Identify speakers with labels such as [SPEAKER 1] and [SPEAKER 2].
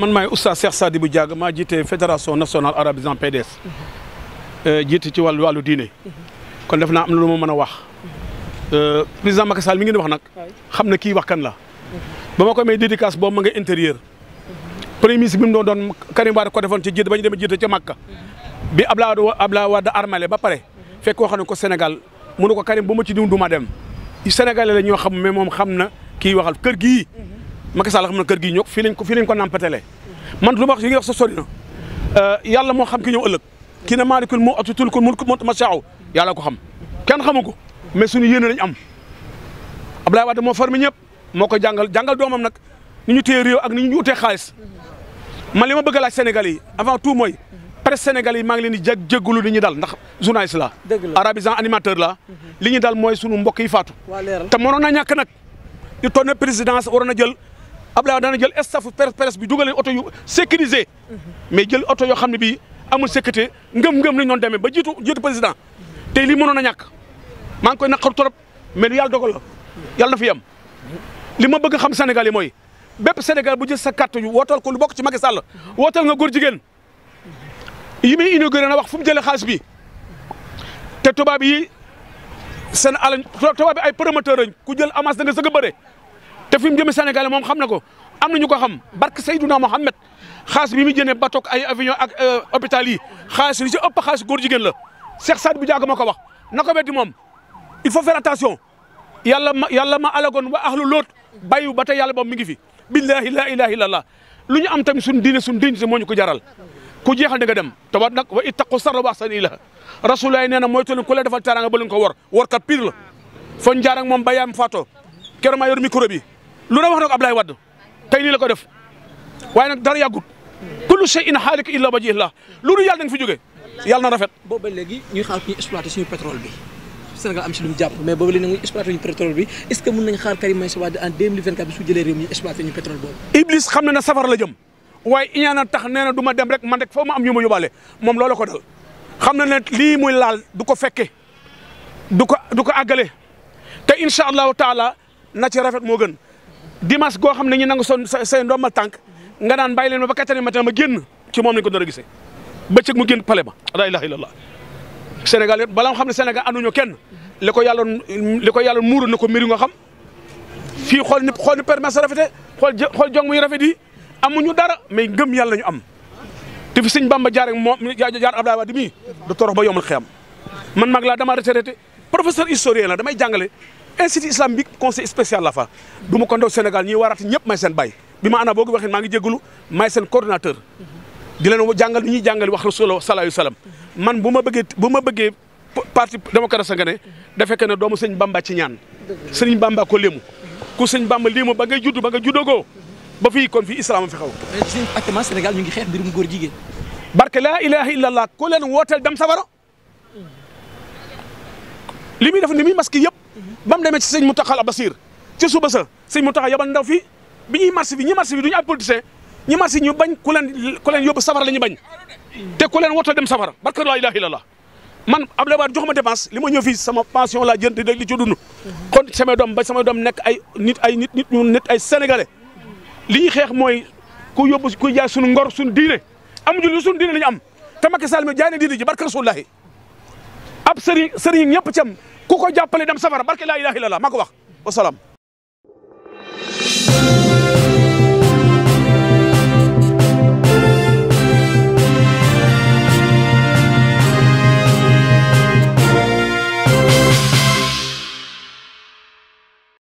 [SPEAKER 1] man maay oustaz Cheikh Sadibou Diaga maa jiite fédération nationale arabisant PDS mhm. eh, jiite ci wàllu wàllu diine mhm. kon def naa am na lu ma mën a wax mhm. eh, président Macky Sall mi ngeen wax nag xam na kii wax kan la ba ma ko may dédicace boo ma nga intérieur premier ministre bi mu doon doon Karim Wade ko defoon ci jiite ba dem demee jiite ca Makka bi Abdoulaye Wade Abdoulaye Wade armale ba pare fekk wax na ko Sénégal mu ne ko Karim boo ma ci diw du ma dem Sénégalais la ñoo xam mais moom xam na kii waxal kër gi Macky Sall xam na kër gii ñoo fii lañ ko fii lañ ko nampatele man lu ma wax yi nga wax sa sori euh, yàlla moo xam ki ñëw ëllëg kii na maalikul mu atitul kul mulku ma saaw yàlla ko xam kenn xamu ko mais suñu yéene lañ am Abdoulaye Wade moo formé ñëpp moo ko jàngal jàngal doomam nag ni ñu téye réew ak ni ñu utee xaalis man li ma bëgg la laaj Sénégal yi avant tout mooy presse Sénégal yi maa ngi leen di jég jégalu li ñu dal ndax journaliste la arabisant animateur la mhm. li ñu dal mooy sunu mbokk yi faatu te mënoon na ñàkk nag di toon na waroon a jël Abdoulaye daana jël staffu presse bi dugal leen oto yu sécurisé mhm. mais jël oto yoo xam ne bii amul sécurité ngëm-ngëm lañ ñoon demee ba jiitu jiitu président tey lii mënoon a ñàkk maa ngi koy naqaru trop mais lu yàlla dogal la yàlla na fi yem li ma bëgg xam Sénégal yi mooy bépp Sénégal bu jël sa carte yu wootal ko lu bokk ci Macky Sall wootal nga góor jigéen yi muy inauguré na wax fu mu jëlee xaalis bi te tubaab yi seen alal tubaab yi ay promoteur lañ ku jël amas da nga sëg a te fi mu jëmee Sénégal moom xam na ko am na ñu ko xam barke Seydouna Mohamed xaalis bi mu jëndee bato ak ay avion ak euh, yi xaalis li ci ëpp xaalis goor jigéen la Cheikh Saad bu jàgg ma ko wax na ko weddi moom il faut faire attention yàlla ma yàlla ma alagoon wa ahlu loot bàyyiwu ba tey yàlla boom mi ngi fi billahi la ilaha illallah lu ñu am tamit suñu diine suñu diine moo ñu ko jaral ku jeexal da dem te waat nag wa ittaqu sarra wa ahsan ilaha rasulullahi nee na moytu leen ku la defal teraanga ba leen ko wor wor kat pire la moom ba yaam faatoo keroog maa yor micro bi lu na wax na ko Ablaye Wade tey lii la ko def waaye nag dara yàggut kullu shay'in haalik illa wajhillah lu dul yàlla nañ fi jóge yàlla na rafet. boobu ba léegi ñuy xaar ñuy exploité suñu pétrole bi Sénégal am si lu ñu jàpp mais boobu léegi nag ñuy exploité suñu pétrole bi est ce que mën nañ xaar Karim Meïssa Wade en 2024 bi su jëlee xam na ne safara la jëm waaye iñaana tax nee na du ma dem rek ma rek foo ma am ñu ma yóbbaale moom loola ko dal xam na ne lii muy laal du ko fekke du ko du ko àggale te incha allahu taala na ci rafet moo gën dimanche goo xam ne ñu nangu son say ndombal tànk nga naan bàyyi leen ma ba quatre heures matin ma génn ci moom lañ ko doon gisee bëccëg mu génn palais ba la ilaha illallah Sénégal bala balaa xam ne Sénégal anuñu kenn li ko yàlla li ko yàlla muuru na ko mbir nga xam fii xool ni xool ni permis rafete xool xool jong muy rafet yi amuñu dara mais ngëm yàlla ñu am te fi sëñ Bamba jaar ak moom jaar Abdoulaye Wade mii du torox ba yombal xiyam man mag laa dama retraité professeur historien la damay jàngale institut islamique conseil spécial la fa du ma ko ndaw Sénégal ñuy warati ñëpp may seen bay bi ma ana boogi waxee maa ngi jégalu may seen coordonnateur di leen jàngal ni ñuy jàngal wax rasulullah sallallahu alayhi wasallam man bu ma bëggee bu ma bëggee parti démocrate sa nga ne dafa fekk ne doomu sëñ Bamba ci ñaan sëñ Bamba ko léemu ku sëñ Bamba léemu ba ngay judd ba nga juddogoo ba fii kon fii islam fi xaw actuellement Sénégal ñu ngi xeex mbirum góor jigéen barke laa ilaha illallah ku leen wooteel dem sawara li muy def ni muy masque yëpp ba mu demee ci sëñ Mountakha Bassir ci suba sa sëñ Mountakha yabal ndaw fi bi ñuy marché bi ñi marché bi du ñu ay politicien ñi marché ñu bañ ku leen ku leen yóbbu safara la bañ te ku leen woto dem safara barka laa ilaaha illallah man Abdoulaye Wade jox ma dépense li ma ñëw fii sama pension laa jënd rek li ci dund kon samay doom ba samay doom nekk ay nit ay nit nit ñu nit ay sénégalais li ñuy xeex mooy ku yóbbu ku jaay suñu ngor suñu diine amuñu lu suñu diine la ñu am te Macky Sall mi jaay na diine ji barka rasulullahi ab sëriñ sëriñ ñëpp ci ku ko jàppale dem safara barke laa ilaha illallah maa ko wax wasalaam